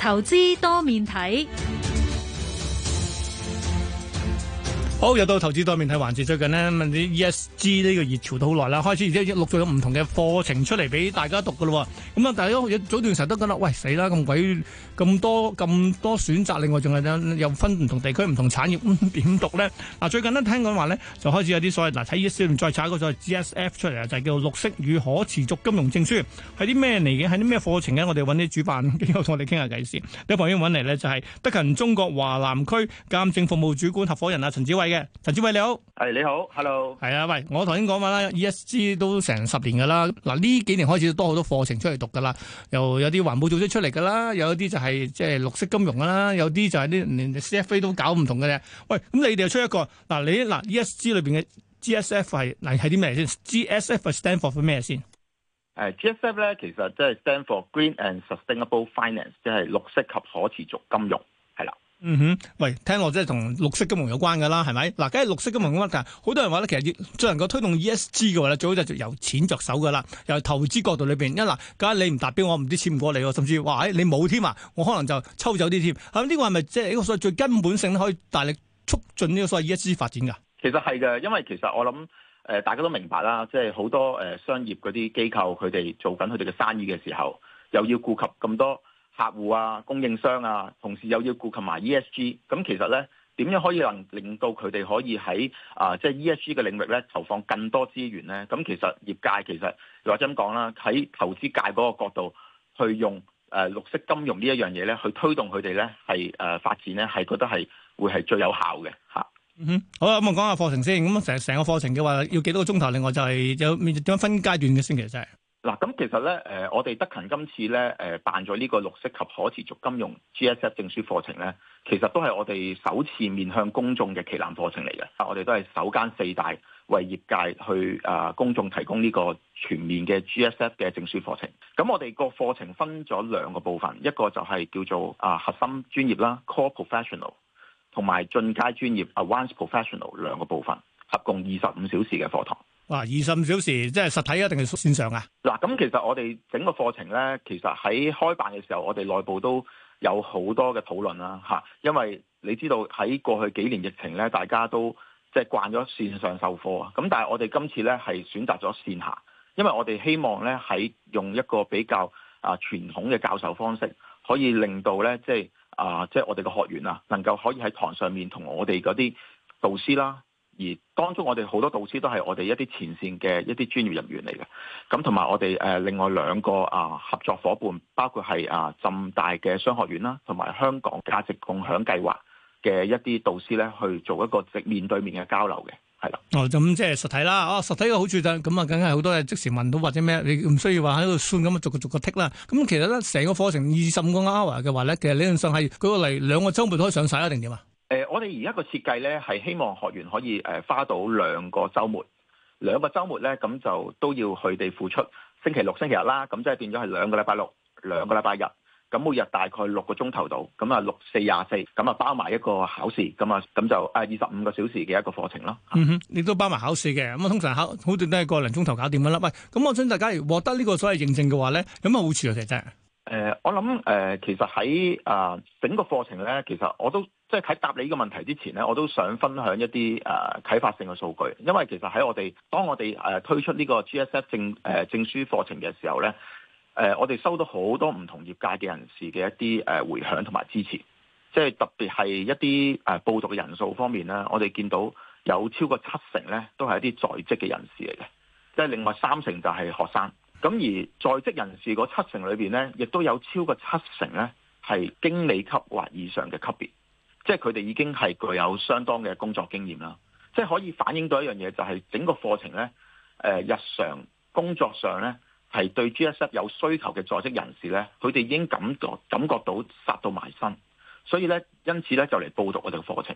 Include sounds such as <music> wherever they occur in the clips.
投資多面睇。好，又到投資多面睇環節，最近呢，問 ESG 呢個熱潮都好耐啦，開始而家錄咗唔同嘅課程出嚟俾大家讀嘅咯。咁啊，大家早一段時候都覺得喂，死啦，咁鬼咁多咁多選擇，另外仲係有又分唔同地區、唔同產業，嗯，點讀咧？嗱，最近呢，聽講話咧就開始有啲所謂嗱，睇 ESG 再查一個所謂 GSF 出嚟啊，就係叫綠色與可持續金融證書，係啲咩嚟嘅？係啲咩課程咧？我哋揾啲主辦機構同我哋傾下偈先。喺旁邊揾嚟呢，就係、是、德勤中國華南區鑒證服務主管合夥人啊，陳子偉。嘅陳子偉你好，係你好，hello，係啊，喂，我頭先講話啦，E S G 都成十年噶啦，嗱呢幾年開始多好多課程出嚟讀噶啦，又有啲環保組織出嚟噶啦，有啲就係即係綠色金融啦，有啲就係啲連 CFA 都搞唔同嘅啫。喂，咁你哋又出一個嗱，你嗱 E S G 裏邊嘅 G S F 係係啲咩先？G S F stand for 咩先？誒，G S F 咧其實即係 stand for green and sustainable finance，即係綠色及可持續金融。嗯哼，喂，聽落即係同綠色金融有關噶啦，係咪？嗱，梗係綠色金融咁樣，但係好多人話咧，其實最能夠推動 ESG 嘅話咧，最好就由錢着手噶啦，由投資角度裏邊，一嗱，梗係你唔達標，我唔知錢唔過你，甚至話誒你冇添啊，我可能就抽走啲添，咁呢、這個係咪即係一個所謂最根本性可以大力促進呢個所謂 ESG 發展噶？其實係嘅，因為其實我諗，誒、呃，大家都明白啦，即係好多誒、呃、商業嗰啲機構，佢哋做緊佢哋嘅生意嘅時候，又要顧及咁多。客戶啊，供應商啊，同時又要顧及埋 E S G，咁其實咧，點樣可以能令到佢哋可以喺啊、呃，即係 E S G 嘅領域咧投放更多資源咧？咁其實業界其實又或者咁講啦，喺投資界嗰個角度去用誒、呃、綠色金融呢一樣嘢咧，去推動佢哋咧係誒發展咧，係覺得係會係最有效嘅吓。啊、嗯哼，好啦，咁我講下課程先。咁成成個課程嘅話，要幾多個鐘頭？另外就係、是、有點樣分階段嘅性質。嗱，咁其實咧，誒，我哋德勤今次咧，誒，辦咗呢個綠色及可持續金融 GSF 證書課程咧，其實都係我哋首次面向公眾嘅旗艦課程嚟嘅。啊，我哋都係首間四大為業界去啊公眾提供呢個全面嘅 GSF 嘅證書課程。咁我哋個課程分咗兩個部分，一個就係叫做啊核心專業啦 （Core Professional） 同埋進階專業 （Advanced Professional） 兩個部分，合共二十五小時嘅課堂。哇！二十五小時，即係實體一定係線上啊？嗱，咁其實我哋整個課程咧，其實喺開辦嘅時候，我哋內部都有好多嘅討論啦，嚇，因為你知道喺過去幾年疫情咧，大家都即係慣咗線上授課啊，咁但係我哋今次咧係選擇咗線下，因為我哋希望咧喺用一個比較啊傳統嘅教授方式，可以令到咧即係啊，即係我哋嘅學員啊，能夠可以喺堂上面同我哋嗰啲導師啦。而當中我哋好多導師都係我哋一啲前線嘅一啲專業人員嚟嘅，咁同埋我哋誒另外兩個啊合作伙伴，包括係啊浸大嘅商學院啦，同埋香港價值共享計劃嘅一啲導師咧，去做一個直面對面嘅交流嘅，係啦。哦，咁即係實體啦。哦，實體嘅好處就咁啊，梗係好多嘢即時問到或者咩，你唔需要話喺度算咁逐個逐個剔啦。咁其實咧，成個課程二十五個 hour 嘅話咧，其實理論上係舉個例，兩個週末都可以上晒一定點啊？誒、呃，我哋而家個設計咧，係希望學員可以誒、呃、花到兩個週末，兩個週末咧，咁就都要佢哋付出星期六、星期日啦，咁即係變咗係兩個禮拜六、兩個禮拜日，咁每日大概六個鐘頭度，咁啊六四廿四，咁啊包埋一個考試，咁啊咁就誒二十五個小時嘅一個課程咯。嗯哼，亦都包埋考試嘅，咁啊通常考好短都係個零鐘頭搞掂㗎啦。喂，咁我想大家獲得呢個所謂認證嘅話咧，有咩好處啊？其實？誒、呃，我諗誒、呃，其實喺啊、呃、整個課程咧，其實我都即係喺答你呢個問題之前咧，我都想分享一啲誒、呃、啟發性嘅數據。因為其實喺我哋當我哋誒、呃、推出呢個 G S F 證誒、呃、證書課程嘅時候咧，誒、呃、我哋收到好多唔同業界嘅人士嘅一啲誒迴響同埋支持。即、就、係、是、特別係一啲誒報讀嘅人數方面咧，我哋見到有超過七成咧，都係一啲在職嘅人士嚟嘅，即、就、係、是、另外三成就係學生。咁而在職人士嗰七成裏邊咧，亦都有超過七成咧係經理級或以上嘅級別，即係佢哋已經係具有相當嘅工作經驗啦。即係可以反映到一樣嘢，就係、是、整個課程咧，誒、呃、日常工作上咧係對 GSF 有需求嘅在職人士咧，佢哋已經感覺感覺到殺到埋身，所以咧，因此咧就嚟報讀我哋嘅課程。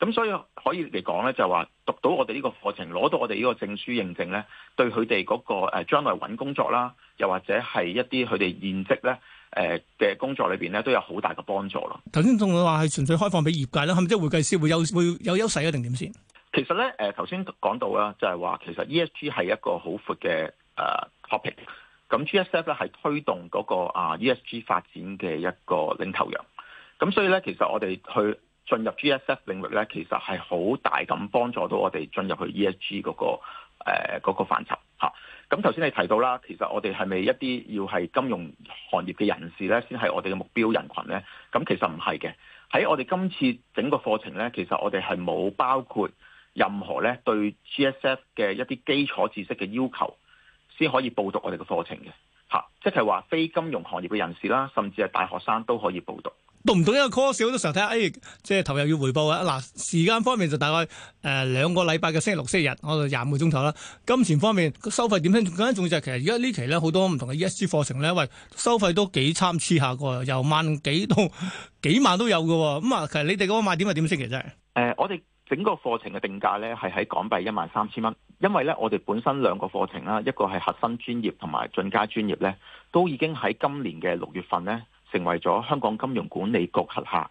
咁所以可以嚟講咧，就係話讀到我哋呢個課程，攞到我哋呢個證書認證咧，對佢哋嗰個誒將來揾工作啦，又或者係一啲佢哋現職咧誒嘅工作裏邊咧，都有好大嘅幫助咯。頭先仲會話係純粹開放俾業界啦，係咪即係會計師會有會有優勢啊，定點先？其實咧，誒頭先講到啦，就係話其實 ESG 係一個好闊嘅誒 topic，咁 GSF 咧係推動嗰個啊 ESG 發展嘅一個領頭羊。咁所以咧，其實我哋去，進入 G S F 領域咧，其實係好大咁幫助到我哋進入去 E S G 嗰個誒嗰個範疇嚇。咁頭先你提到啦，其實我哋係咪一啲要係金融行業嘅人士咧，先係我哋嘅目標人群咧？咁其實唔係嘅。喺我哋今次整個課程咧，其實我哋係冇包括任何咧對 G S F 嘅一啲基礎知識嘅要求，先可以報讀我哋嘅課程嘅嚇。即係話非金融行業嘅人士啦，甚至係大學生都可以報讀。讀唔讀一個 course 好多時候睇下，誒、哎，即係投入要回報啊！嗱，時間方面就大概誒兩、呃、個禮拜嘅星期六、星期日，可能廿五個鐘頭啦。金錢方面，收費點更加重要就係其實而家呢期咧，好多唔同嘅 ESG 課程咧，喂，收費都幾參差下嘅，由萬幾到幾萬都有嘅，啊。咁、嗯、啊，其實你哋嗰個賣點係點識嘅啫？誒、呃，我哋整個課程嘅定價咧係喺港幣一萬三千蚊，因為咧我哋本身兩個課程啦，一個係核心專業，同埋進階專業咧，都已經喺今年嘅六月份咧。成為咗香港金融管理局轄下誒、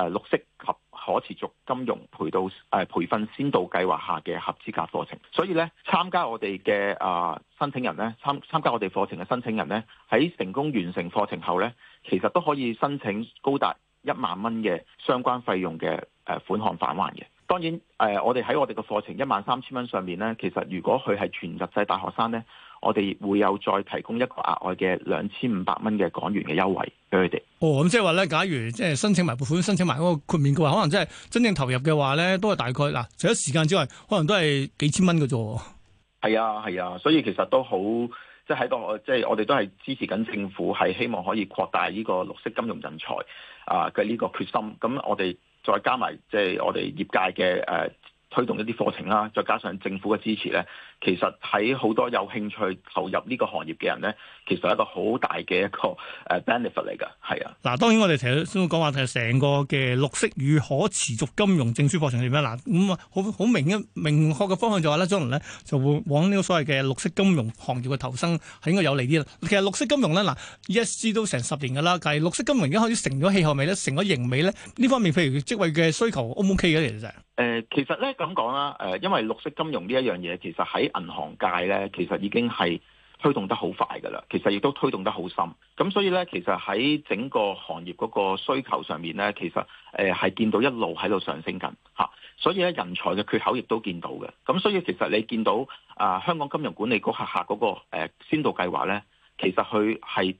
呃、綠色及可持續金融培導誒、呃、培訓先導計劃下嘅合資格課程，所以咧參加我哋嘅誒申請人咧參參加我哋課程嘅申請人咧喺成功完成課程後咧，其實都可以申請高達一萬蚊嘅相關費用嘅誒、呃、款項返還嘅。當然，誒、呃，我哋喺我哋嘅課程一萬三千蚊上面咧，其實如果佢係全日制大學生咧，我哋會有再提供一個額外嘅兩千五百蚊嘅港元嘅優惠俾佢哋。哦，咁、嗯、即係話咧，假如即係申請埋撥款，申請埋嗰個豁免嘅話，可能即係真正投入嘅話咧，都係大概嗱，除咗時間之外，可能都係幾千蚊㗎啫。係啊，係啊，所以其實都好，即係喺度，即、就、係、是、我哋都係支持緊政府係希望可以擴大呢個綠色金融人才啊嘅呢個決心。咁我哋。再加埋即係我哋業界嘅誒。Uh, 推動一啲課程啦，再加上政府嘅支持咧，其實喺好多有興趣投入呢個行業嘅人咧，其實係一個好大嘅一個誒 benefit 嚟㗎。係啊，嗱，當然我哋成日先會講話係成個嘅綠色與可持續金融證書課程係點樣嗱，咁好好明一明確嘅方向就話、是、咧，將來咧就會往呢個所謂嘅綠色金融行業嘅投身係應該有利啲啦。其實綠色金融咧嗱，ESG 都成十年㗎啦，但係綠色金融已經開始成咗氣候味咧，成咗形味咧，呢方面譬如職位嘅需求 O 唔 O K 嘅其實誒、呃，其實咧咁講啦，誒、呃，因為綠色金融呢一樣嘢，其實喺銀行界咧，其實已經係推動得好快噶啦，其實亦都推動得好深，咁所以咧，其實喺整個行業嗰個需求上面咧，其實誒係、呃、見到一路喺度上升緊吓、啊，所以咧人才嘅缺口亦都見到嘅，咁所以其實你見到啊、呃、香港金融管理局下嗰、那個誒先導計劃咧，其實佢係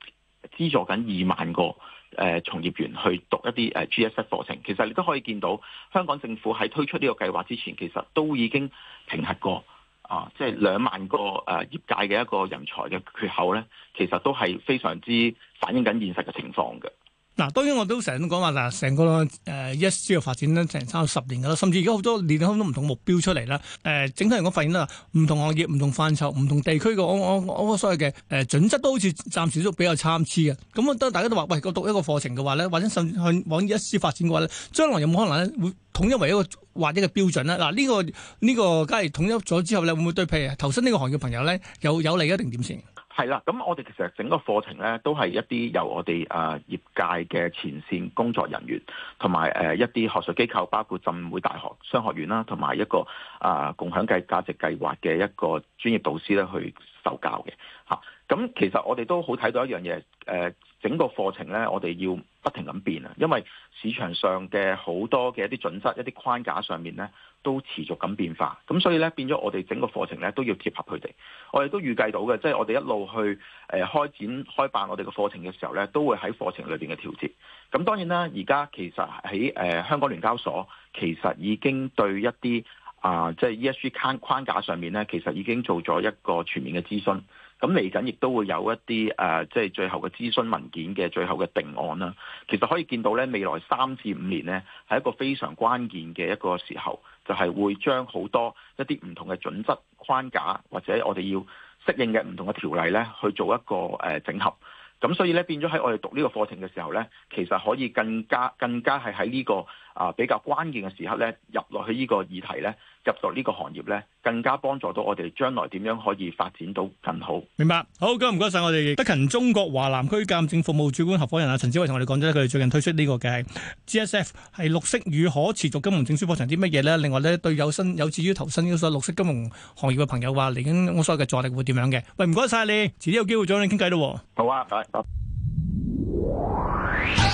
資助緊二萬個。誒從業員去讀一啲誒 GSF 課程，其實你都可以見到香港政府喺推出呢個計劃之前，其實都已經評核過啊，即係兩萬個誒業、啊、界嘅一個人才嘅缺口咧，其實都係非常之反映緊現實嘅情況嘅。嗱，當然我都成日都講話嗱，成個誒 ESG 嘅發展咧，成差十年噶啦，甚至而家好多年好多唔同目標出嚟啦。誒、呃，整體嚟講發現咧，唔同行業、唔同範疇、唔同地區嘅、哦哦，所謂嘅誒準則都好似暫時都比較參差嘅。咁、嗯、啊，都大家都話，喂，個讀一個課程嘅話呢，或者甚至向往 ESG 發展嘅話呢，將來有冇可能咧會統一為一個或者一個標準呢？啊」嗱、這個，呢個呢個，假如統一咗之後咧，會唔會對譬如投身呢個行業嘅朋友呢，有有，有利啊？一定點先？係啦，咁我哋其實整個課程呢，都係一啲由我哋啊、呃、業界嘅前線工作人員，同埋誒一啲學術機構，包括浸會大學商學院啦，同埋一個啊、呃、共享計價值計劃嘅一個專業導師咧去，就教嘅吓，咁其實我哋都好睇到一樣嘢，誒，整個課程咧，我哋要不停咁變啊，因為市場上嘅好多嘅一啲準則、一啲框架上面咧，都持續咁變化，咁所以咧變咗我哋整個課程咧都要貼合佢哋。我哋都預計到嘅，即係我哋一路去誒開展開辦我哋嘅課程嘅時候咧，都會喺課程裏邊嘅調節。咁當然啦，而家其實喺誒香港聯交所，其實已經對一啲。啊，即係 ESG 框框架上面咧，其實已經做咗一個全面嘅諮詢。咁嚟緊亦都會有一啲誒，即係最後嘅諮詢文件嘅最後嘅定案啦。其實可以見到咧，未來三至五年咧係一個非常關鍵嘅一個時候，就係會將好多一啲唔同嘅準則框架或者我哋要適應嘅唔同嘅條例咧，去做一個誒整合。咁所以咧，變咗喺我哋讀呢個課程嘅時候咧，其實可以更加更加係喺呢個。啊，比較關鍵嘅時刻咧，入落去呢個議題咧，入到呢個行業咧，更加幫助到我哋將來點樣可以發展到更好。明白，好，今日唔該晒。我哋德勤中國華南區鑑證服務主管合夥人啊，陳子偉同我哋講咗佢哋最近推出呢個嘅 GSF 係綠色與可持續金融證書課程啲乜嘢咧。另外咧，對有新有志於投身呢個綠色金融行業嘅朋友話嚟緊，我所有嘅助力會點樣嘅？喂，唔該晒，你，遲啲有機會再同你傾計咯。好啊，拜拜。拜拜 <music>